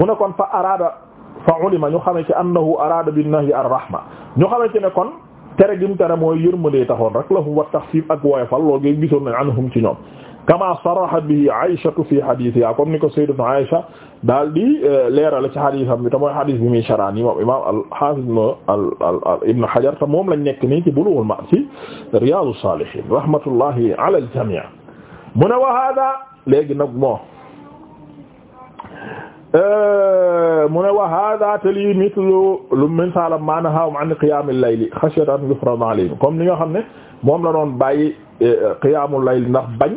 mu ne kon fa araada fa ulima ñu xamee ci annahu araada bin nahyi ar-rahma ñu xamee ci ne kon tere gi mu tere mooy yërmande taxoon rek lahum wa taxfiif ak woyofal loolu gi gisoon nañ anhum ci ñoom kama saraha bihi Aysatu fi hadithiha comme ni ko sayyidatu Aysa daal di euh, leerale ci haditham bi te mooy hadith bi muy sharaan yi moom imam al-Hafiz Ibn Hajar te moom lañ nekk nii ci Bulughul Maram ci Riyadus Salihin rahmatullahi ala al-jami' mu ne wa hada léegi nag moo Euh, mu ne wa hada te lii mithlu lu misaalam maa nahaahum an qiyaamil layli xashyata an yufrada alayhim comme li nga xam ne moom la doon bàyyi euh, qiyaamul li ndax bañ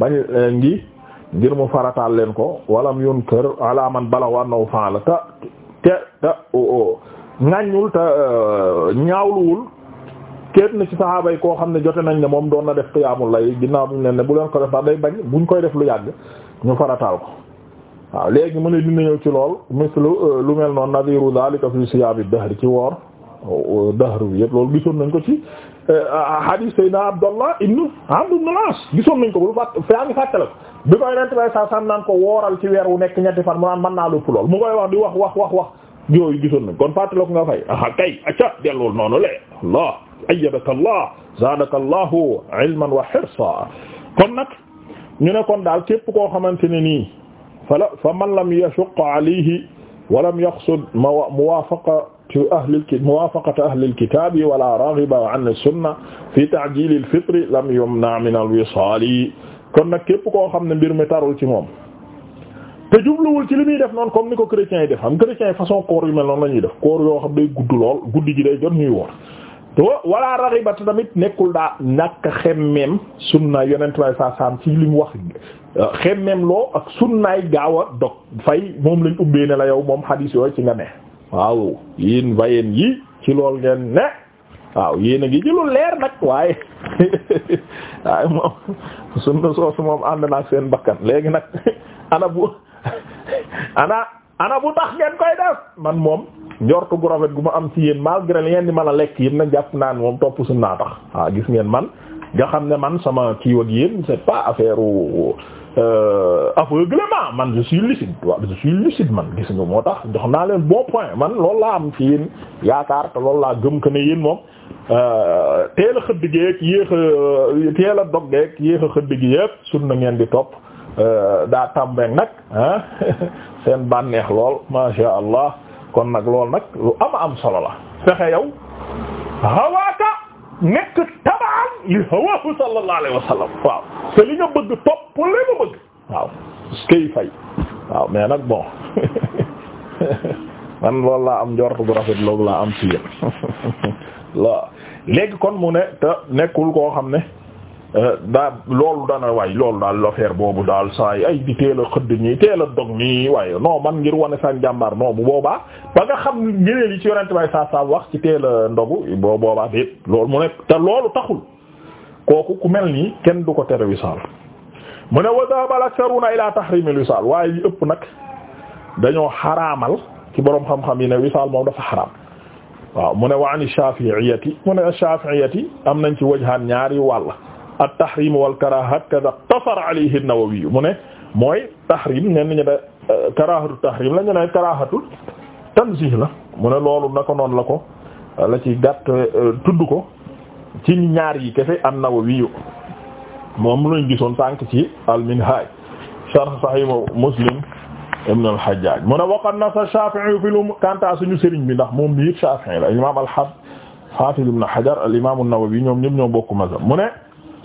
bañ euh, ngi ngir mu farataal leen ko walam yunkar ala man balagha annahu fa'ala te te te ŋàññul te ñaawluwul kenn ci saxaaba yi koo xam ne jote nañ ne moom doon na def qiyaamul layli ginnaaw bi leen ne bu leen ko def day bañ buñ koy def lu yàgg ñu farataal ko waaw léegi mu ne dina ñëw ci lool mislu euh, lu mel noonu nadiru zalika fi siyaabi dahri ci woor euh, dahru bi yëpp gisoon nañ ko ci euh, hadith Seydina Abdallah ibn Amr ibn al gisoon nañ ko bu fàtt faa ngi fàttala bi koy rent bay sa sam ko wooral ci weer wu nekk ñetti fan mu naan man naa lu ëpp lool mu koy wax di wax wax wax wax yooyu gisoon nañ kon fàttala ko nga fay aha kay acca dellool noonu le Allah ayyadaka Allah zaadaka Allahu ilman wa hirsa kon nag ñu ne kon daal képp xamante ne nii fala fa man lam yashuq alayhi wa lam yaqsud muwaafaqatu ahli muwaafaqata ahli alkitaabi wala raghiba an sunna fi ta'jiil alfitri lam yumna min alwisaali kon nag képp koo xam ne mbir mi tarul ci moom te jubluwul ci li muy def noonu comme ni ko chrétiens yi def xam chrétiens yi façon koor yu mel noonu la def koor yoo xam day gudd lool guddi gi day jot ñuy woor to wala raxibat tamit nekkul daa ñàkk xemmeem sunna yonent way saa saam wax xemmem loo ak sunnaay gaaw a dog fay moom lañ ubbee ne la yow moom xadiis yooyu ci nga ne waaw yéen vayen yi ci lool ngeen ne waaw yéen a ngi ci lu leer nag waaye waaye moom sunna soosu moom ànd naag seen bakkan léegi nag ana bu ana ana bu tax ngeen koy def man moom njortu gu rafet gu ma am ci yéen malgré li ngeen di mën a lekk yéen nag jàpp naan moom topp sunna tax waaw gis ngeen man nga xam ne man sama kii ak yéen c'est pas affaire Euh, aveuglement man je suis lucide waaw je lucide man gis nga moo tax jox naa leen bon point man loolu laa am ci yaakaar te loolu laa gëm que ne yéen moom euh, teel a xëdd gi ak yéex a euh, teel a dog geeg yéex a xëdd gi yépp sunna ngeen di topp daa tàmbeeg nag seen bànneex lool masha Allah kon nag lool nag lu am am solo la fexe yow hawaaka nekk tabaan li hawaahu sallallahu bëgg topp li waaw skey fay waaw mais nag bon man loolu laa am njort rafet loogu laa am ci yéen léegi kon mu ne te nekkul koo xam ne Euh, daa loolu dana waay loolu daal l'affaire boobu daal saa ay di teel a xëdd nii teel a dog nii waaye noo man ngir wane sa njàmbaar non bu boobaa ba nga xam ngëneel yi ci yonent bay saa saa wax ci teel ndogu boo boobaa déet loolu mu ne te loolu taxul kooku ku mel nii kenn du ko tere wisaal mu ne wasaabal aksaruna ilaa tahrimil wisaal waaye li ëpp nag dañoo xaraamal ci boroom xam-xam yi ne wisaal moom dafa xaraam waaw mu ne wa an shafi'iyati mu ne shafi'iyati am nañ ci wajhan ñaari wàll at-tahrim wal karaaha hakadha iqtasara alayhi an-Nawawi mu ne mooy tahrim nee nañu ne euh, karaahatu tahrim la ñu ne karaahatul tanzih la mu ne loolu naka noonu la ko la ci gàtt euh, tudd ko ci ñaar yi kese an-Nawawi moom lañ gisoon sànq ci al-Minhaj sharh Sahih Muslim ibn al-Hajjaj mu ne waqad nasa Shafi'i fi lum kanta suñu sëriñ bi ndax moom bi yëpp Shafi'i la imam al-Hafiz Ibn Hajar al-imam an-Nawawi ñoom ñëpp ñoo bokk mazhab mu ne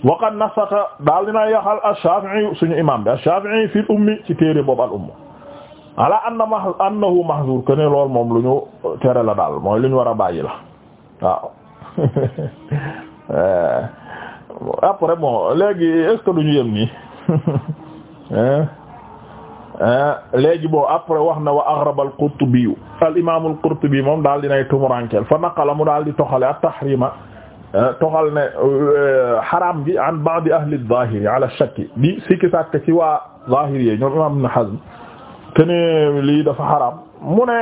waqad nasata daal dina yaxal ash-Shafi'i suñu imam bi ash-Shafi'i fi ummi ci téere boobu al umm ala anna ma annahu mahzur que ne lool moom lu ñu tere la daal mooy lu ñu war a bàyyi la waaw après bon léegi est-ce que duñu yem nii léegi bon après wax na wa aghrab al-Qurtubi al imam al-Qurtubi moom daal dinay tumurankel fa naqala mu daal di toxale at-tahrima Euh, toxal ne euh, xaraam gi an ba'd ahli zahiri ala shakki bi sikki sàkk ci waa zahiri yi ñoom imam Ibn Hazm kene lii dafa xaraam mu ne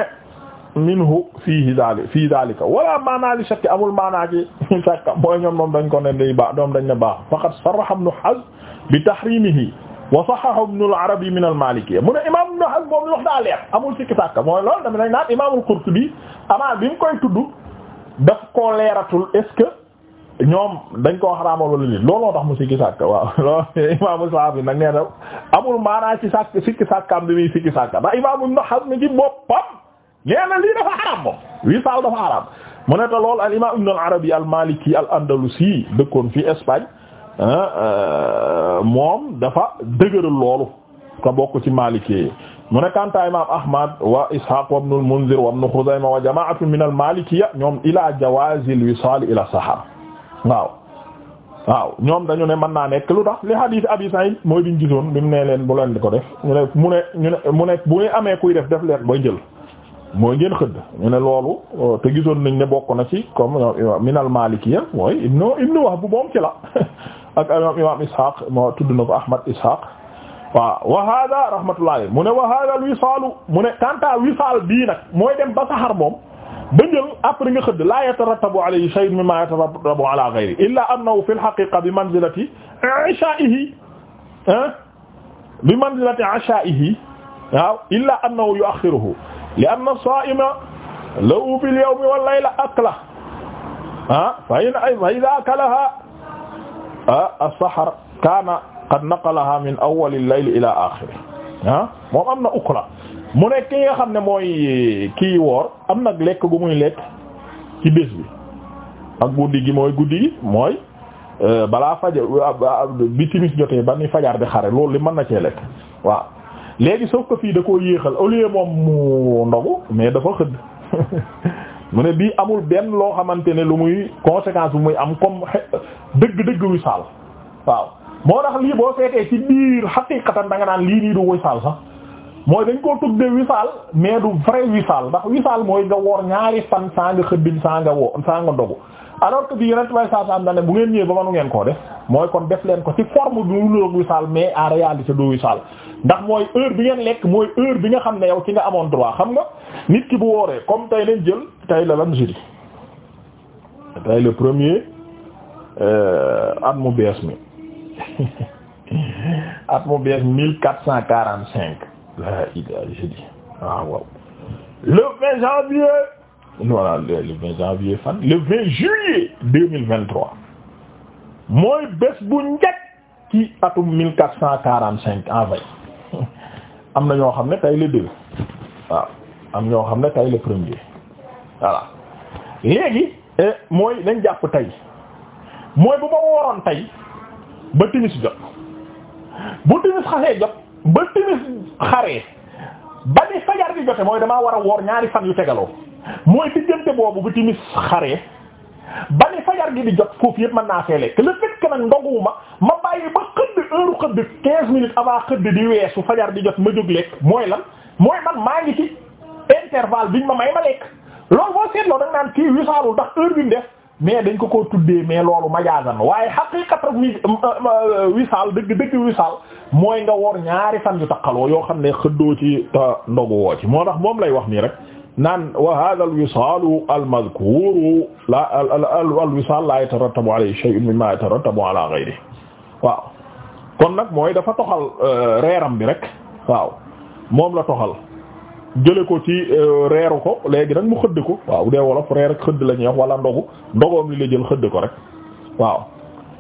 minhu fiihi dali fii dalika wala maana li shakki amul maanaa ci sàkk mooy ñoom moom dañ ko ne day baax doom dañ ne baax faqad sarraha Ibn Hazm bi tahrimihi wa sahahahu Ibn al-Arabi min al-Malikiyya mu ne imam Ibn Hazm moom wax daa leer amul sikki sàkk mooy loolu dama nañ naan imam al-Qurtubi amaa bi mu koy tudd daf koo leeratul est-ce que ñoom dañ koo xaraamal wala lii looloo tax mu sikki sàkk waaw loolu imaamu Saafi nag nee na amul maanaa ci sàkk sikki sàkkaam bi muy sikki sàkka ndax imaamu Ibn Hazm ci boppam nee na lii dafa xaraam moom wii saal dafa xaraam mu ne te loolu al imaam Ibn al Arabi al Maliki al Andalusi dëkkoon fii Espagne ah, euh, moom dafa dëgëral loolu ka bokk ci Maliki yi mu ne kanta imam ahmad wa ishaq wa ibn al Munzir wa ibn Khuzayma wa jama'atun min al Malikiyya ñoom ila jawazil wisal ila sahaba waaw waaw ñoom dañu ne mën naa nekk lu tax li hadith abi sa'id mooy biñ gisoon bi mu nee leen bu leen di ko def ñu ne mu ne ñu ne mu ne bu amee kuy def def leen booy jël mooy ngeen xëdd ñu ne loolu euh, te gisoon nañ ne bokk na ci comme minal malikiyya mooy ibnu ibnu wahb bu moom ci la ak imam imam ishaq moo tudd na ko ahmad ishaq waaw wa hada rahmatullahi mu ne wa hada al mu ne kanta wisaal bii nag mooy dem ba saxar moom ba njël après nga xëdd la yatarattabu alayhi shay'un mimma yatarattabu ala ghayri illa annahu fi al-haqiqa bi manzilati isha'ihi ah, bi manzilati isha'ihi waaw illa annahu yu'akhkhiruhu li anna as-sa'ima lahu fil yawmi wal layla akla ah fa in fa idha akalaha ah, as-sahar kana qad naqalaha min awwal al-layl ila akhirih ah moom am na ukla mu ne ki nga xam ne mooy kii woor am nag lekk gu muy lekk ci bés bi ak guddi gi mooy guddi gi mooy euh, balaa faj euh, bi timis jotee ba ni fajar bi xare loolu li mën na cee lekk waaw léegi sauf que fii da koo yéexal au lieu moom mu ndogu mais dafa xëdd mu ne bii amul benn loo xamante ne lu muy conséquence bu muy am comme dëgg-dëgg wisaal waaw moo tax lii boo seetee ci biir xaqiqatan da nga naan lii nii du wisaal sax mooy dañ koo tudde wisaal mais du vrai wisaal ndax wisaal mooy nga woor ñaari fan saa nga xëddin saa nga woo saa nga ndogu alors que bi yeneen way saa saa ne bu ngeen ñëwee ba mënu ngeen koo mooy kon def leen ko ci forme bi mu niroog wisaal mais en réalité du wisaal ndax mooy heure bi ngeen lekk mooy heure nga xam ne yow ci nga amoon droit xam nga nit ki bu wooree comme tey leen jël tey la lan jeudi tey le premier euh, at mu bees mi at mu bees mille quatre cent quarante cinq la ida jeudi ah waaw le 20 janvier voilà le 20 janvier fan le 20 juillet 2023 mooy bés bu njëkk ci atum 1445 en vrai am na ñoo xam ne tey le deux waaw am ñoo xam ne tey le premier voilà léegi eh, mooy nañ jàpp tey mooy bu ma wooroon tey ba timis jot bu timis xasee jot ba timis xaree ba ni fajar di jote mooy damaa war a woor ñaari fan yu tegaloo mooy diggante boobu bu timis xaree ba ni fajar gi di jot foofu yëpp man naa fee lekk le fait nag ndoguwuma ma bàyyi ba xëdd heure xëdd quinze minutes avant xëdd di weesu fajar di jot ma jóg lekk mooy lan mooy man maa ngi ci intervalle biñ ma may ma lekk loolu boo seetloo da nga naan kii wisaarul ndax heure bi mu def mais dañ ko koo tuddee mais loolu majaasan waaye xaqiiqat wisaal dëgg dëgg wisaal mooy nga woor ñaari fan yu taqaloo yoo xam ne xëddoo ci ci moo tax moom lay wax nii rek naan wa hadha al wisaalu al madhkuuru la al la yatarattabu alayhi shay'un mimma yatarattabu ala ghayrihi waaw kon nag mooy dafa toxal euh, reeram bi rek waaw moom la toxal jële ko ci euh, reeru ko léegi nag mu xëdd ko waaw bu dee wolof reer ak xëdd la ñuy wax wala ndogu ndogoom li la jël xëdd ko rek waaw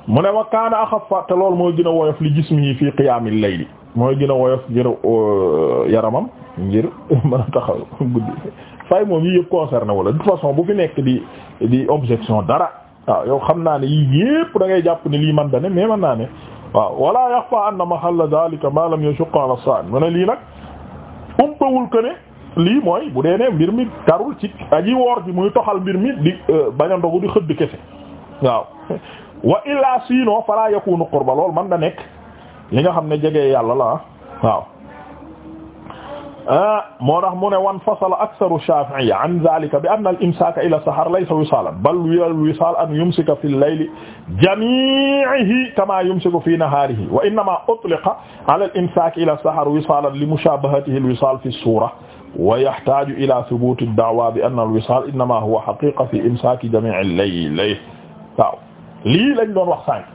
mu ne wa kaana axafa te loolu mooy gën a woyof li jismihi fii qiyaamil layli mooy gën a woyof ngir euh, yaramam ngir mën a taxaw guddi fay moom yi yëpp concerné wala de toute façon bu fi nekk di di objection dara waaw yow xam naa ne yii yëpp da ngay jàpp ne lii man da ne man naa ne waaw wala yaxfa anna mahalla zalika ma lam yashuqqa ala as-sa'im mu lii nag umpawul que ne lii mooy bu dee ne mbir mi tarul ci aji woor ji muy toxal mbir mi di euh, bañ a ndogu di xëdd kese waaw wa illaa siinoo falaa yakunu qurba lool man da nekk li nga xam ne jege yàlla la waaw Ah, moo tax mu ne wan fasala aktharu shafi'iyya an dhalika bi anna al-imsaka ila sahar laysa wisalan bal huwa al-wisal an yumsika fi al-layli jami'ihi kama yumsiku fi naharihi wa innama utliqa ala al-imsaki ila sahar wisalan li mushabahatihi al-wisal fi as-sura wa yahtaju ila thubut ad-da'wa bi anna al-wisal innama huwa haqiqa fi imsaki jami' al-layli waaw lii lañ doon wax sànq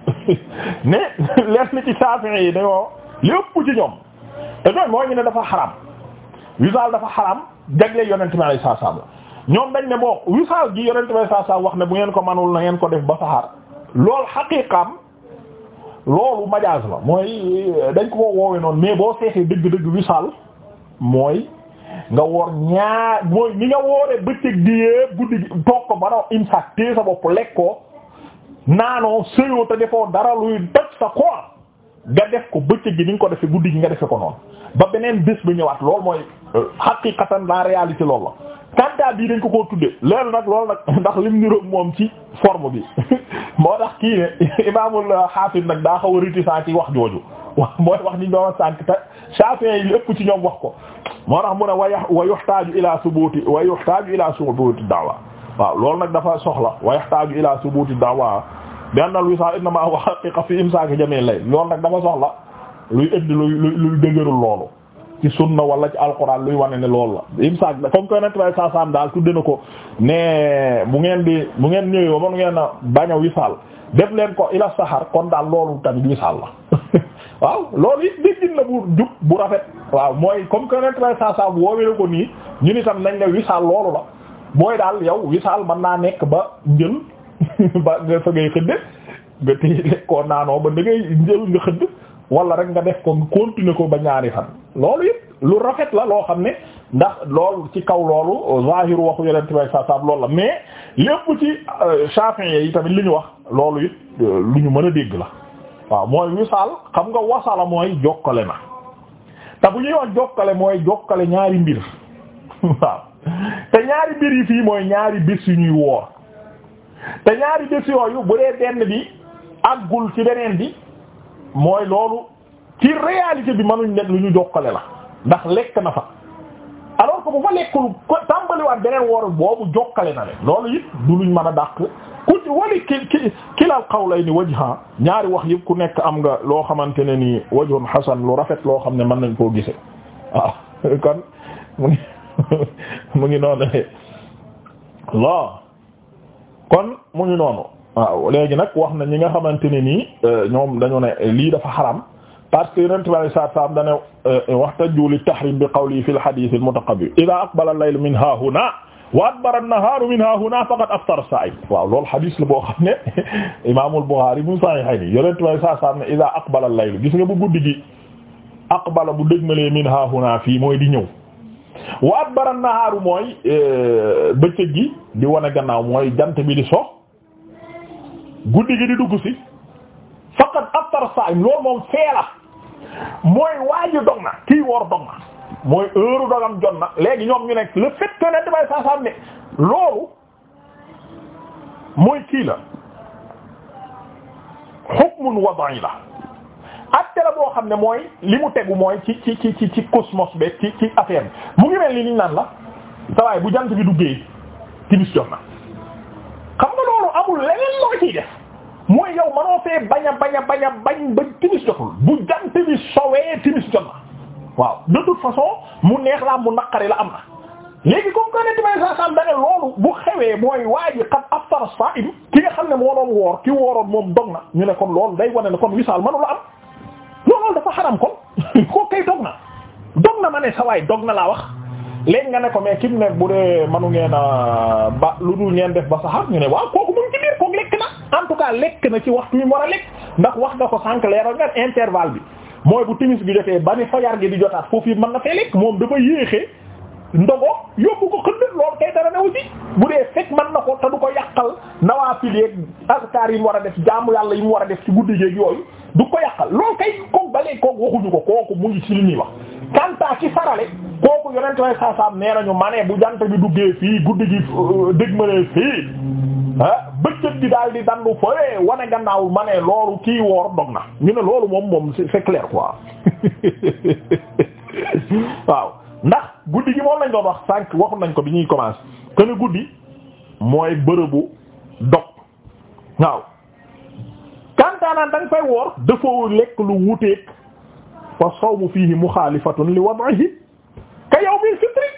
ne leen ci Shafi'i yi dañoo lépp ci ñoom te ñoom mooy ñu ne dafa xaraam wisaal dafa xaram jagle yonent bi alayhi salaam la ñoom dañ ne boo wisaal gi yonent bi alayhi salaam wax ne bu ngeen ko manul na ngeen ko def ba saxaar loolu xaqiiqaam loolu majaas la mooy dañ ko woowe noonu mais boo seexee dëgg-dëgg wisaal mooy nga woor ñaar mooy ni nga wooree bëccëg di yépp guddi gi toog ko ba doon imsaak téye sa bopp lekkoo naanoo sëyoo te defoo dara luy doj sa koor nga def ko bëccëg gi ni nga ko defee guddi gi nga defee ko noonu ba ñëwaat loolu mooy haqiqatan la réalité loolu la kanta bii dañ ko koo tudde leelu nag loolu nag ndax lim niroog moom ci forme bi moo tax kii ne imaamul xaafis nag daa xaw a réticent wax jooju wa mooy wax niñ doon sànk te Shafi'i yi ëpp ci ñoom wax ko moo tax mu ne wa wa yuhtaaju ila subuuti wa yuhtaaju ila subuuti da'wa waaw loolu nag dafa soxla wa yuhtaaju ila subuuti da'wa benn al-wisaal innamaa huwa haqiqa fi imsaaki jami'il layl loolu nag dafa soxla luy indi luy luy dëgërul loolu ci na wala ci alquran luy wane ne loolu la imsaak comme que yonent bay saa daal tudde na ko ne bu ngeen di bu ngeen ñëwee ba mën ngeen a bañ a wisaal def leen ko ila saxaar kon daal loolu tamit wisaal la waaw loolu it déggin la bu jub bu rafet waaw mooy comme que yonent bay saa saam ko nii ñu ni tam nañ ne wisaal loolu la mooy daal yow wisaal man naa nekk ba njël ba nga fa ngay xëdde lekkoo naanoo ba da ngay njël nga xëdd wala rek nga def ko continuer ko ba ñaari fan loolu it lu rafet la loo xam ne ndax lool ci kaw loolu zahiru waxu yonent bay sa sab loolu la mais lépp ci euh, Shafi'i yi tamit li ñu wax loolu it euh, lu ñu mën a dégg la waaw mooy wisaal xam nga wasala mooy jokkale na te bu ñuy wax jokkale mooy jokkale ñaari mbir waaw te ñaari mbir yi fii mooy ñaari bés yu ñuy woor te ñaari bés yooyu bu dee benn bi àggul ci beneen bi mooy loolu ci réalité bi mënuñ nekk lu ñu jokkale la ndax lekk na fa alors que bu fa lekkul tàmbaliwaat beneen woor boobu jokkale na leen loolu it du luñ mën a dàq ku ci wali ki ki kilal qawlayni wajha ñaari wax yëpp ku nekk am nga loo xamante ne nii wajhun hasan lu rafet loo xam ne mën nañ koo gise waaw kon mu ngi mu ngi kon mu ngi noonu waaw léegi nag wax na ñi nga xamante ne nii euh, ñoom dañu ne lii dafa xaram parce que yonent bi alayhi salaam dane euh, waxtaju li tahrim bi qawli fi al-hadith al-mutaqabbil idha aqbala al-layl min hahuna wa adbara an-naharu min hahuna faqad aftara as-sa'im waaw loolu hadith la boo xam ne imaamul Bukhari mu sahihayni yonent bi alayhi salaam ne idha aqbala al-layl gis nga bu guddi gi aqbala bu dëgmalee min hahuna fii mooy di ñëw wa adbara an-naharu mooy euh, bëccëg gi di wane gannaaw mooy jant bi di sox guddi gi di dugg si faqad aftar saim loolu moom feela mooy waaji dog na kii woor dog na mooy heure dogam jot na léegi ñoom ñu nekk le fait que ne damay saasaam ne loolu mooy kii la hukmun wada'i la atte la boo xam ne mooy li mu tegu mooy ci ci ci ci ci cosmos be ci ci affaire bi mu ngi mel ni liñ naan la sawaay bu jant bi duggee timis jot na amul leneen loo def mooy yow manoo fee bañ bañ a bañ ba timis jotul bu jant bi sowee timis jot na waaw de toute façon mu neex la mu naqari la am na léegi comme que neti may sasam da loolu bu xewee mooy waa ji xam aftara sa'im ki nga xam ne moo doon woor ki wooroon moom dog na ñu ne kon loolu day wane ne kon wisaal mënu la am loolu dafa xaram kon ko kay dog na dog na ma sa waay dog na laa wax léegi nga ne ko mais ki mu ne bu dee manu ngeen a ba lu dul ngeen def ba saxaar ñu ne waaw kooku mu ci biir kooku lekk na en tout cas lekk na ci waxtu yi mu war a lekk ndax wax nga ko sànq leeral nga interval bi mooy bu timis bi jotee ba ne ni fajar gi di jotaat foofu man na fee lekk moom dama yéexe ndogo yóbbu ko xëdd loolu kay dara ne aussi bu dee fekk mën na ko te du ko yàqal nawaafil yeek azkaar yi mu war a def jaamu yàlla yi mu war a def ci guddi geek yooyu du ko yàqal loolu kay kooku ba léegi kooku waxuñu ko kooku mu ngi ci li ñuy wax. kanta ci farale kooku yonent way saasaam nee nañu ma bu jant bi duggee fii guddi gi euh, dégmalee fii ah bëccëg bi daal di dandu fële wane gannaaw ma ne loolu kii woor dog na ñu ne loolu moom moom c'est clair quoi waaw ndax guddi gi moom lañ doon wax sànq waxu nañ ko bi ñuy commencer que ni guddi mooy bërëbu dog waaw kantaanaan da nga fay woor dafa lekk lu wuteeg fa sawmu fiihi muxaalifatun li wad'ihi ka yawmil fitri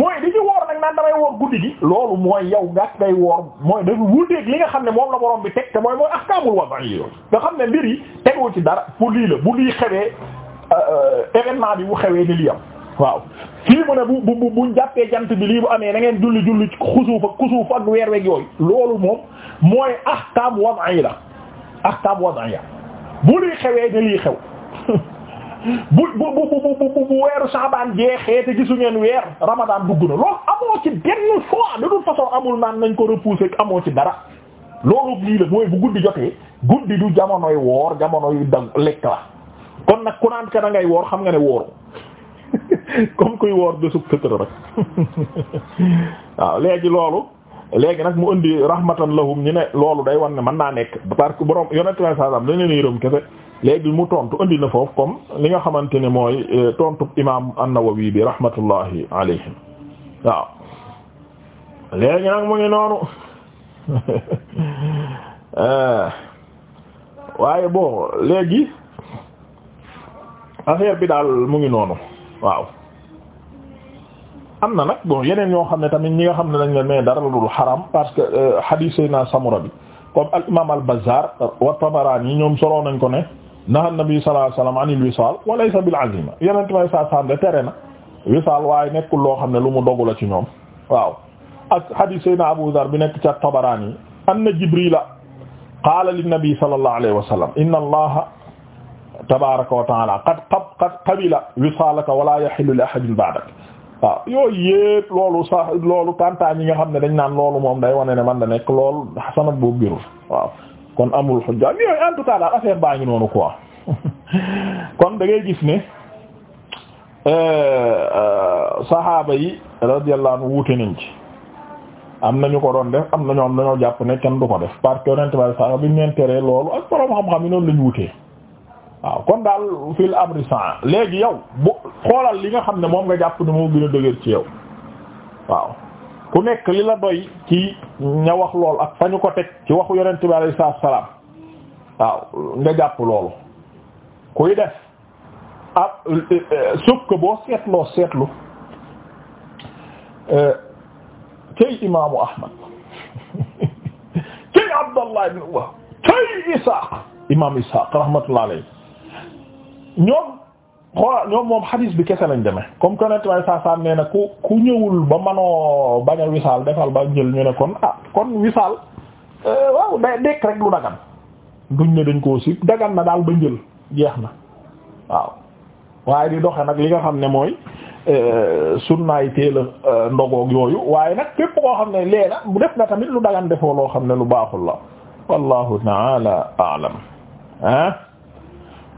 mooy di ci woor nag naan damay woor guddi gi loolu mooy yow nga ngay woor mooy dafa wuteeg li nga xam ne moom la borom bi teg te mooy mooy ahkaamul wad'i yooyu nga xam ne mbir yi tegoo ci dara pour lii la bu lii xewee euh, événement bi bu xewee ni waaw fii mu ne bu bu buñ jàppee jant bi lii bu amee na ngeen julli julli xusuuf ak kusuuf ak weer weeg ahkam wad'iyya bu lii xewee ne lii xew bu bu bu bu bu weeru Saabaan jeexee te gisu ngeen weer Ramadan dugg na loolu amoo ci benn fois de toute façon amul naan nañ ko repousser amoo ci dara loolu lii la mooy bu guddi jotee guddi du jamonoy woor jamono yu da lekk la kon nag ku naan ka da ngay woor xam nga ne wooru comme kuy woor de sub fëtëra rek waaw léegi loolu léegi nag mu indi rahmatan lahum ñu ne loolu day wan ne mën naa nekk parce que borom yonent sallallahu alayhi wasallam dañ leen yërëm kese léegi mu tontu indi na foofu comme li nga xamante ne mooy euh, tontu imaam an-Nawawi bi rahmatullahi alayhim waaw léegi nag mu ngi noonu euh, waaye bon léegi affaire bi daal mu ngi noonu waaw am na nag bon yeneen yoo xam ne tamit ñi nga xam ne dañ leen dara la xaram parce que euh, hadith sayna samura bi comme al imam al bazzar wa tabarani yi ñoom soloo nañ ko ne naha nabi sallallahu alayhi wasallam anil wisal wa laysa bil azima yeneen may sa sam de tere na wisal waaye nekkul loo xam ne lu mu dogu la ci ñoom waaw ak hadith sayna abu dhar bi nekk ca tabarani yi anna jibrila qaala lin nabi sallallahu alayhi wasallam inna allaha tabaraka wa taala qad qad qabila wisalaka wala yahillu li ahadin waaw yooyu yépp loolu sa loolu kantaa ñi nga xam ne dañ naan loolu moom day wane ne man la nekk lool sama boobu birul waaw kon amul xujja yooyu en daal affaire baa ngi noonu quoi kon da gis ne euh, euh, saxaaba yi radiyallahu anhu wuute nañ ci am nañu ko doon def am na ñoom dañoo jàpp ne kenn du ko def parce que yonent bi sax bi ñu loolu ak borom xam-xam yi noonu lañ wutee waaw kon daal fil amri saa léegi yow bu xoolal li nga xam ne moom nga jàpp ni moo gën a dëgër ci yow waaw ku nekk li la doy ci ña wax lool ak fa ñu ko teg ci waxu yeneen bi alayhi salaam waaw nga jàpp loolu kuy def ab suuf que boo seetloo seetlu euh, cey imaamu Ahmad cey Abdallah ibn Uwais cey Isaaq imaam Isaaq rahmatullahi alayhi ñoom xoola ñoom moom xadiis bi kese lañ deme comme que net waaye saa saa nee na ku ku ñëwul ba manoo bañ a wisaal defal ba jël ñu ne kon ah kon wisaal euh, waaw day dekk rek lu dagan duñ ne dañ koo si dagan na daal ba njël jeex na waaw waaye di doxe nag li nga xam ne mooy euh, sunnaay teel a euh, yooyu waaye nag képp koo xam ne leena bu def na tamit lu dagan defoo loo xam ne lu baaxul la wallahu taala alam ah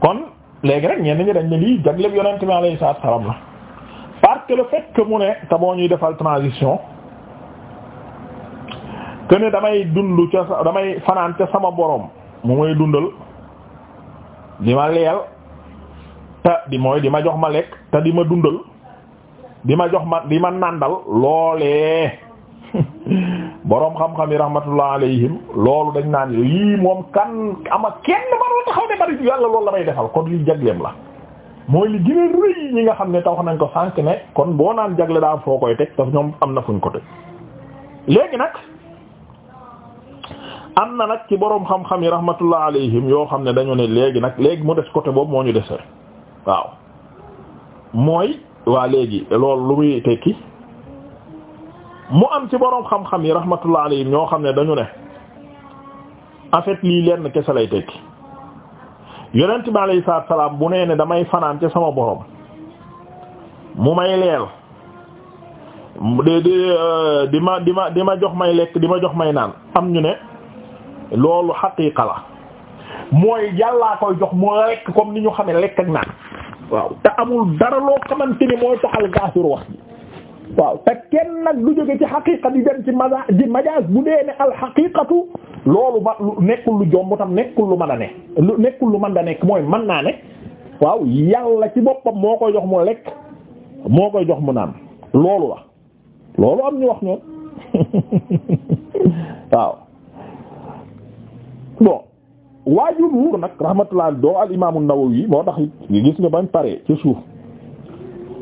kon léegi rek ñenn ñi dañ ne lii jagleb yonent bi alayhi salaatu salaam la parce que le fait mu ne te moo ñuy defal transition que ne damay dund ca damay fanaan ca sama borom mu may dundal di ma leel te di mooy di ma jox ma lekk te di ma dundal di ma jox ma di ma nàndal loolee boroom xam-xam yi rahmatullah alayhim loolu dañ naan lii moom kan ama kenn manul taxaw ne bari yàlla loolu la defal kon li jagleem la mooy li gën rëy ñi nga xam ne tax nañ ko sànq ne kon boo naan jagle daa foo koy teg parce ñoom am na fuñ ko teg léegi nag am na nag ci boroom xam-xam yi rahmatullah alayhim yoo xam ne dañu ne léegi nag léegi mu des côté boobu moo ñu dese waaw mooy waa léegi loolu lu muy tekki mu am ci boroom xam-xam yi rahmatullah alayhim ñoo xam ne dañu ne en fait lii lenn kese lay tekki yonent bi alayhi salaam bu nee ne damay fanaan ca sama boroom mu may leel di di di ma di ma di ma jox may lekk di ma jox may naan am ñu ne loolu xaqiiqa la mooy yàllaa koy jox moo lekk comme ni ñu xamee lekk ak naan waaw te amul dara loo xamante ni mooy taxal gaafir wax ji waaw te kenn nag lu jóge ci xaqiqa di dem ci maza di majaas bu dee ne alxaqiqatu loolu ma nekkul lu jomb tam nekkul lu mën a ne lu lu mën da nekk mooy man naa ne waaw yàlla ci boppam moo koy jox mu lekk moo koy jox mu naan loolu la loolu am ñu wax ñoom waaw bon waa jumhuur nag rahmatullah doo al imaam an-Nawawi moo tax gis nga bañ pare ci suuf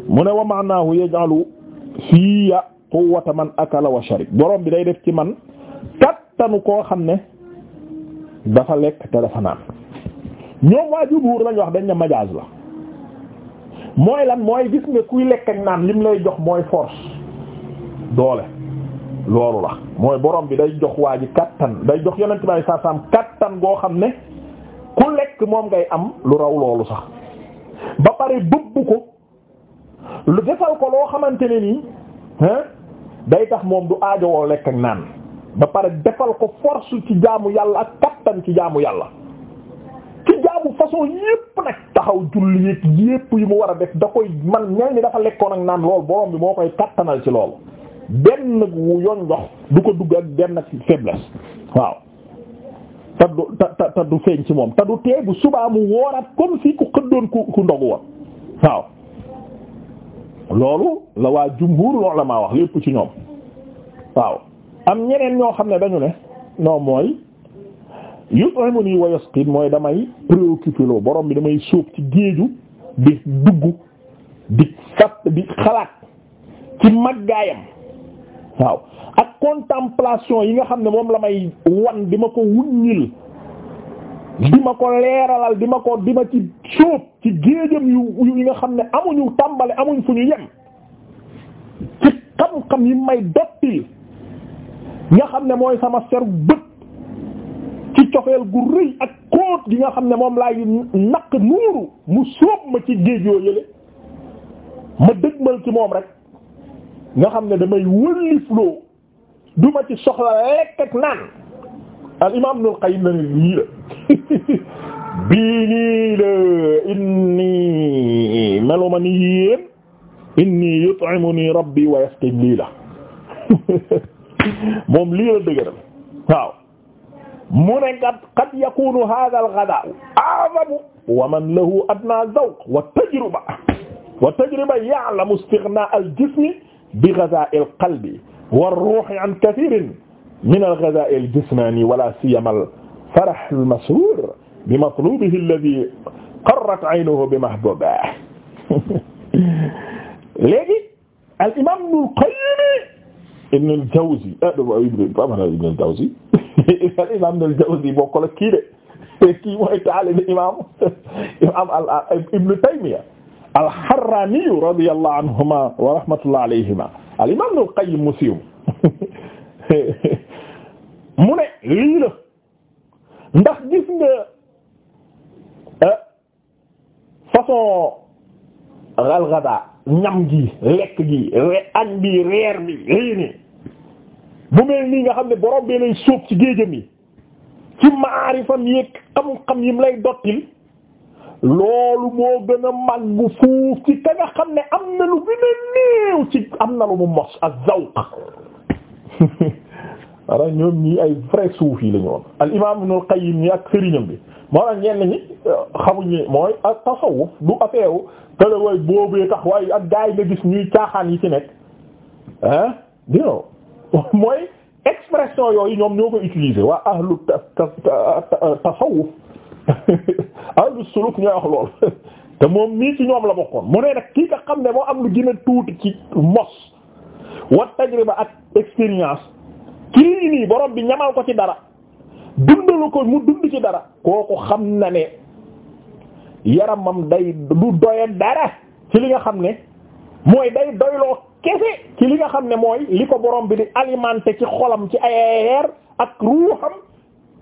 mu ne wa ma'naahu yaj'alu fiya quwwata man akala wa sharib borom bi day def ci man kattanu koo xam ne dafa lekk te dafa naan ñoom waa jumhuur lañ wax dañ ne majaaz la mooy lan mooy gis nga kuy lekk ak naan lim lay jox mooy force doole loolu la mooy borom bi day jox waa ji kattan day jox yonent bi saa saam kattan goo xam ne ku lekk moom ngay am lu raw loolu sax ba pare bëbb ko lu defal ko loo xamante ne nii day tax moom du aajowoo lekk ak naan ba pare defal ko force ci jaamu yàlla ak kattan ci jaamu yàlla ci jaamu façon yépp nag taxaw julli yépp yépp yi mu war a def da koy man ñel ni dafa lekkoon ak naan lool borom bi moo koy kattanal ci loolu benn wu yoon ndox du ko dugg ak benn faiblesse waaw te du te te du feeñ ci moom te du tee bu subaa mu wooraat comme si ku xëddoon ku ku ndogu woon waaw loolu la waa jumhur la maa wax lépp ci ñoom waaw am ñeneen ñoo xam ne dañu ne non mooy yut'imuni wa mooy damay préoccupé loo borom bi damay sóob ci géeju di dugg di fàtt di xalaat ci maggaayam waaw ak contemplation yi nga xam ne moom la may wan di ma ko wuññil di ma ko leeralal di ma ko di ma ci sóob ci géejam yu yi nga xam ne amuñu tàmbale amuñ fu ñu yem ci xam-xam yi may dotti nga xam ne mooy sama seru bët ci gi nga xam ne moom laay naq nuuru mu sóob ma ci géej yoo yële ma dëgmal ci moom rek nga xam ne damay wëllifloo du ma ci soxla lekk ak naan al imaam Ibnul Qayyim la ne lii la bii nii la inni meluma ni yéen inni yut'imuni rabbi wa yasqin lii la moom lii la dëgëral waaw mu ne kat qad yakunu hadha al-ghada'u a'zamu wa man lahu adna zawq wa tajruba wa tajruba ya'lamu istighna' al-jismi bi ghada' al-qalbi wa ar-ruhi 'an kathirin min al-ghada' al-jismani wala siyama farah al-masruur bi matluubihi alladhii qarrat aynuhu bi mahbuubihi léegi al-imaam Ibn al-Qayyim Ibn al-Jawzi eh, Ibn al-Jawzi al-imaam Ibn al-Jawzi bokkul ak kii de kii mooy taalibe imaam imaam Ibn Taymiyya al-Harraani radiyallahu anhumaa wa rahmatullahi alayhimaa al-imaam Ibn al-Qayyim mu siiw mu ne lii la. ndax gis nga ah, façon alxada ñam gi lekk gi añ bi reer bi lii bu mel nii nga xam ne borom bee lay sóob ci géejam yi ci maarifam yi xam-xam yim lay dottil loolu moo gën a mag bu ci ka nga xam ne am na lu gën a néew ci am na lu mu mos ak zawq maanaam ñoom nii ay vrai soufi la ñu woon al imaam Ibnul Qayyim ak sëriñam bi moo tax a ñi euh, xamuñ ne mooy ak tasawuf du affaire te la way boobee tax waaye ak gaa yi gis ñuy caaxaan yi ci nekk ah dino mooy expression yooyu ñoom ñoo ko utiliser waa ahlu tasawuf ahlu suluk ñooy wax lool te moom mii ci ñoom la bokkoon mu ne nag kii nga xam ne moo am lu gën a tuuti ci mos wa tajriba ak expérience kii nii borom bi ñamal ko ci dara dundalu ko mu dund ci dara kooku xam na ne yaramam day du doya dara ci li nga xam ne mooy day doyloo kese ci li nga xam ne mooy li ko borom bi di alimenter ci xolam ci ayeer ak ruuxam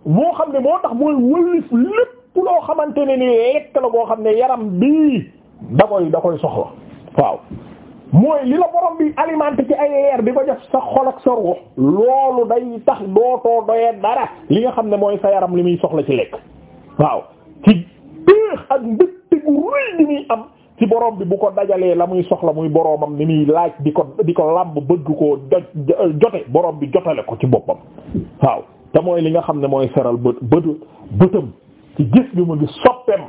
moo xam ne moo tax mooy wëlif lépp loo xamante ne ni lekk la boo xam ne yaram bii da koy da koy soxla waaw mooy li la borom bi alimenté ci ay leer bi ko def sa xol ak sa ruux loolu day tax dootoo doyee dara li nga xam ne mooy sa yaram li muy soxla ci lekk waaw ci péex ak mbëtte gu rëy di muy am ci borom bi bu ko dajalee la muy soxla muy boromam ni muy laaj di ko di ko làmb bëgg koo jote borom bi jotale ko ci boppam waaw te mooy li nga xam ne mooy seral bët bët bëtam ci gis bi mu ngi soppeem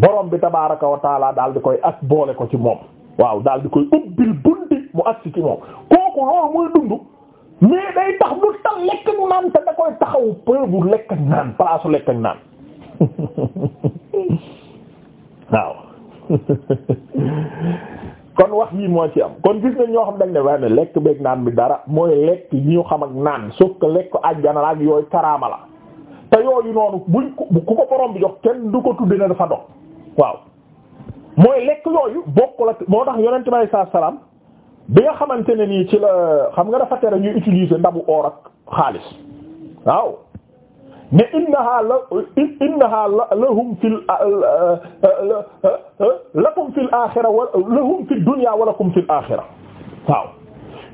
borom bi tabaaraka wa taala daal di koy ak boole ko ci moom waaw daal di koy ubbil bundi mu agsi ci moom kooku loolu muy dund mais day tax du tax lekk ak naan te da koy taxaw preuve lekk ak naan place lekk ak naan waaw kon wax yii moo ci am kon gis nañ ñoo xam ne waaye ne lekk beeg naan bi dara mooy lekk ñu xam ak naan sauf que lekk àjjana ak yooyu karaama la te yooyu noonu buñ ku ko borom bi jox kenn du ko tudde ne dafa dox waaw mooy lekk yooyu bokkul ak moo tax yonent bi alayhi salaam bi nga xamante ne nii ci la xam nga dafa tere ñuy utiliser ndabu or ak xaalis waaw mais innaha la innaha lahum fil lakum fil axira wa lahum fid dunya wa lakum fil axira waaw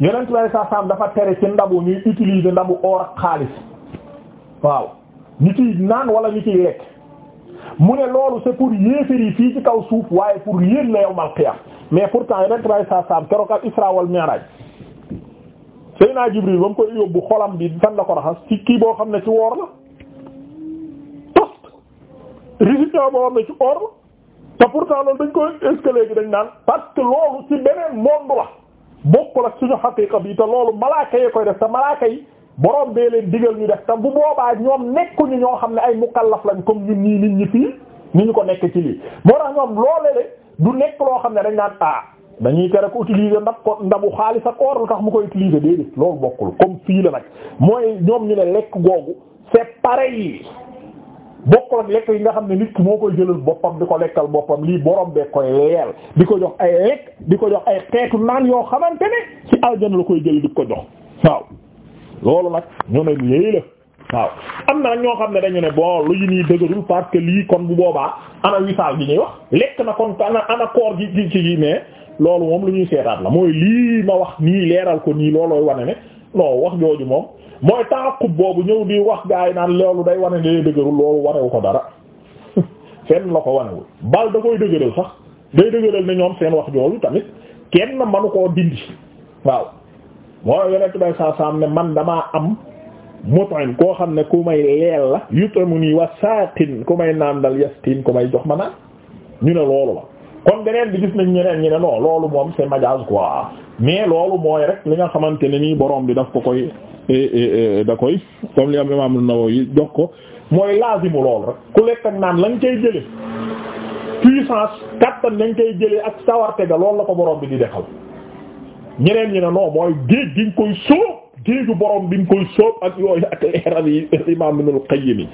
yonent bi alayhi salaam dafa tere ci ndabu ñuy utiliser ndabu or ak xaalis waaw ñu ciy naan wala ñu ciy lekk. mu ne loolu se pour yéefar fii ci kaw suuf waaye pour yéen la yawmal qiyaam mais pourtant yonent bi alayhi salaatu salaam keroog al Isra wal Mi'raj Seyna Jibril ba mu koy yóbbu xolam bi fan la ko raxas ci kii boo xam ne ci woor la tost résultat boo xam ne ci or la te pourtant loolu dañ koy est-ce léegi dañ naan parce que loolu ci beneen monde la bokkul ak suñu xaqiiqa bi te loolu malaaka yi koy def te malaaka yi borom bee leen digal ñu def tam bu boobaa ñoom ñu ñoo xam ne ay mukallaf lañ comme ñun nii nit ñi fii nu ñu ko nekk ci lii moo tax ñoom loole de du nekk loo xam ne dañ naan ah dañuy tere ko utiliser ndax ko ndabu xaalis ak or lu tax mu ko utiliser déedéet loolu bokkul comme fii la nag mooy ñoom ñu ne lekk googu c'est yi bokkul ak lekk yi nga xam ne nit ki moo koy jëlal boppam di ko lekkal boppam lii borom bee koy leel di ko jox ay lekk di ko jox ay xeetu naan yoo xamante ne ci aljana koy jël di ko jox loolu nag ñu ne lii la waaw am na nag ñoo xam ne dañu ne bon lu yi nii dëgërul parce lii kon bu boobaa ana wisaal gi ñuy wax lekk na kon ana ana koor gi gi gi mais loolu moom lu ñuy seetaat la mooy lii ma wax nii leeral ko nii loolooy wane ne non wax jooju moom mooy taaqub boobu ñëw di wax gaay naan loolu day wane ne dëgërul loolu wanewu ko dara fenn la ko wanewul bal da koy dëgëral sax day dëgëral ne ñoom seen wax jooju tamit kenn manu koo dindi waaw moo yonent bay saa saam ne man damaa am mut'im koo xam ne ku may leel la mu nii wa saqin ku may naan dal yastin ku may jox ma naan ñu ne loolu la kon beneen bi gis nañ ñeneen ñi ne non loolu moom c'est majaz quoi mais loolu mooy rek li nga xamante ne nii boroom bi daf ko koy eh, eh, eh, da koy comme li am imam an-Nawawi jox ko mooy lazimu loolu rek ku lekk ak naan lañ koy jële puissance kattan lañ koy jële ak sawarte ga loolu la ko borom bi di defal ñeneen ñi ne non mooy géej gi koy sóob géeju borom bi koy sóob ak yooyu ak leeral imaam Ibnul Qayyim yi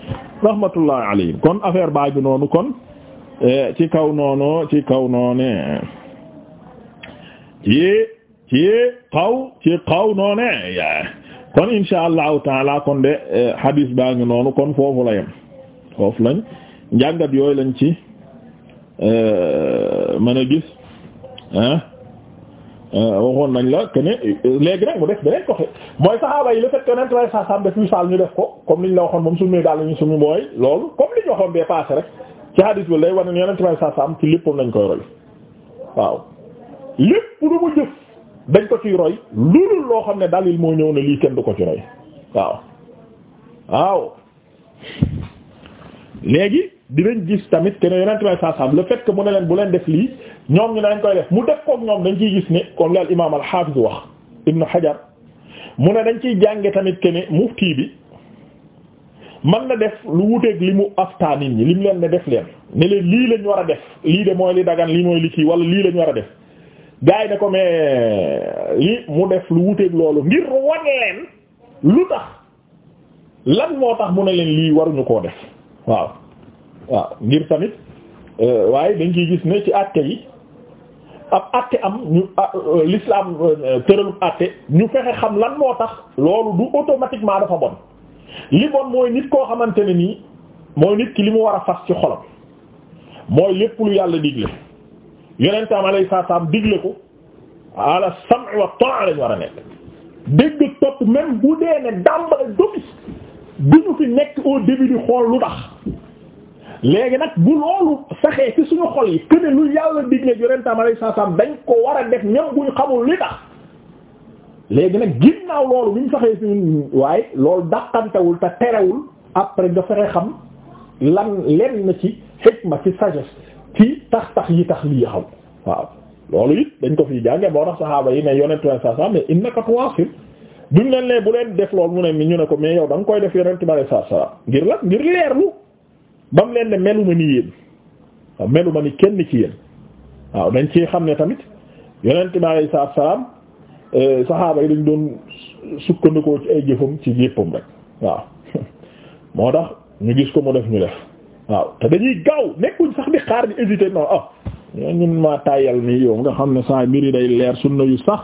rahmatullahi kon affaire baa noonu kon eh, ci kaw noonu ci kaw noone ci ci kaw ci kaw noone kon insha allahu taala kon de eh, hadis baa noonu kon foofu la yem foofu lañ yooyu lañ ci eh, mën a ah. Euh, waxoon nañ la que euh, léegi nag mu def beneen côté mooy saxaaba yi le fait que nent lay sasam def misaal ñu def ko comme liñ la waxoon moom summee daal lañu sumi mooy loolu comme liñ waxoon bee passé rek ci hadis bi lay wane ne yonent lay sasam ci léppam lañ koy roy waaw lépp lu mu dañ ko ci roy loolu loo xam ne dalil moo ñëw ne lii kenn du ko ci roy waaw waaw léegi dinañ gis tamit que ne yonent may saasaam la fait que mu ne leen bu leen def lii ñoom ñu dañ koy def mu def koog ñoom dañ koy gis ne comme li al imaam al xaafiz wax ibnu xajar mu ne dañ ciy jànge tamit que mu mufti bi man na def lu wuteeg li mu afta nit ñi lim leen ne def leen ne leen lii lañ war a def lii de mooy li dagan lii mooy li kii wala lii lañ war a def gars de ko mais euh, li mu def lu wuteeg loolu ngir wan leen lu tax lan moo tax mu ne leen lii waruñu koo def waaw ngir tamit euh, waaye dañ ciy gis ne ci àtte yi ab àtte am ñu ah, euh, l'islam euh, tëralub àtte ñu fexe xam lan moo tax loolu du automatiquement dafa bon li bon mooy nit koo xamante ne nii mooy nit ki li mu war a fas ci xolam mooy lépp lu yàlla digle yonentam alayhi salaam digle ko ala sam'i wa ta'a lañu war a nekk dégg topp même bu dee ne dàmbale domis du ñu fi nekk au début di lu tax léegi nag bu loolu saxee ci suñu xol yi que ne lu yàlla digle yonentam alayhi salaam dañ ko war a def ñam buñ xamul li tax léegi nag ginnaaw loolu buñ saxee suñu waaye loolu dàqantewul te terewul après nga fexe xam lan len na ci xikma ci sagesse ci tax tax yi tax lii xaw waaw loolu it dañ ko fiy jànge boo tax saxaaba yi ne yonentu alayhi salaam mais innaka tuwasil duñ leen ne bu leen def loolu mu ne mi ñu ne ko mais yow da nga koy def yonentu alayhi salaam ngir la ngir leerlu ba mu leen ne meluma ni yéen waaw meluma ni kenn ci yéen waaw dañ ci xam ne tamit yonent bi alayhi salaatu salaam euh, saxaaba yi dañ doon sukkandikoo ci ay jëfam ci yéppam rek waaw moo tax ñu gis ko mu def ñu def waaw te dañuy gaaw nekkuñ sax di xaar di hésiter non ah ñun maa tàyyal nii yow nga xam ne saa mbiri day leer sunna yu sax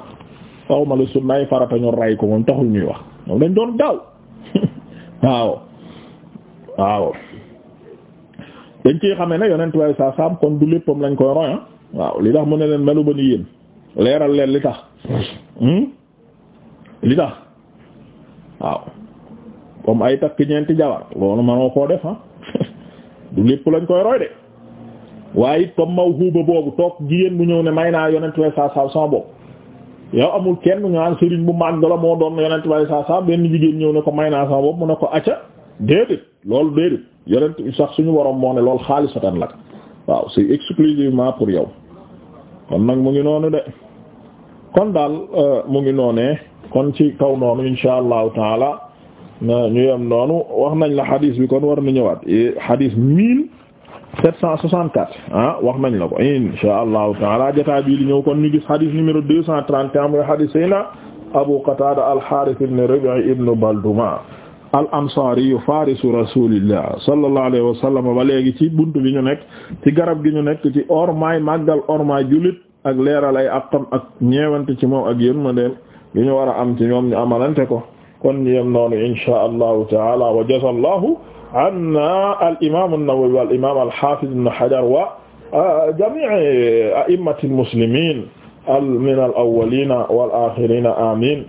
xaw ma la sunnaay farata ñu ray ko moom taxul ñuy wax moom dañ doon gaaw waaw waaw dañ ci xamee ne yonent waaye saa saam kon du léppam lañ koy roy waaw li tax mu ne leen melu ba ni yéen leeral leen li tax hmm? li tax waaw comme ay takk ñeenti jabar loolu manoo koo def du lépp lañ koy roy de waaye it comme mawhuba boobu toog jigéen bu ñëw ne may naa yonent waaye saa saam sama bopp yow amul kenn ñu naan sëriñ bu màgg la moo doon yonent waaye saa saam benn jigéen ñëw ne ko may naa sama bopp mu ne ko acca déedéet loolu déedéet yonent sax suñu waroom moo ne lool xaalisatan lak waaw c'est exclusivement pour yow kon nag mu ngi noonu de kon daal euh, mu ngi noonee kon ci kaw noonu insha allahu taala ñu yem noonu wax nañ la xadiis bi kon war na ñëwaat eh, xadiis mille sept cent soixante quatre ah, wax nañ la ko insha allahu taala jotaay bii di ñëw kon ñu gis xadiis numéro deux cent trente et un mooy xadiis Seydina Abu Qatada al-Harith ibn Rabi' ibn Balduma al ansaariyu farisu rasulillah sallallahu alayhi wa sallam ba léegi ci buntu bi ñu nekk ci garab gi ñu nekk ci ormaay màggal ormaay jullit ak leeral ay aqam ak ñeewante ci moom ak yërmandeem yu ñu war a am ci ñoom ñu amalante ko kon yem noonu inshaa allahu taala wa jazallahu anna al imam an-Nawawi wal imam al hafiz ibn Hajar wa jami'i a'immati al muslimin min al awwalina wal akhirina amin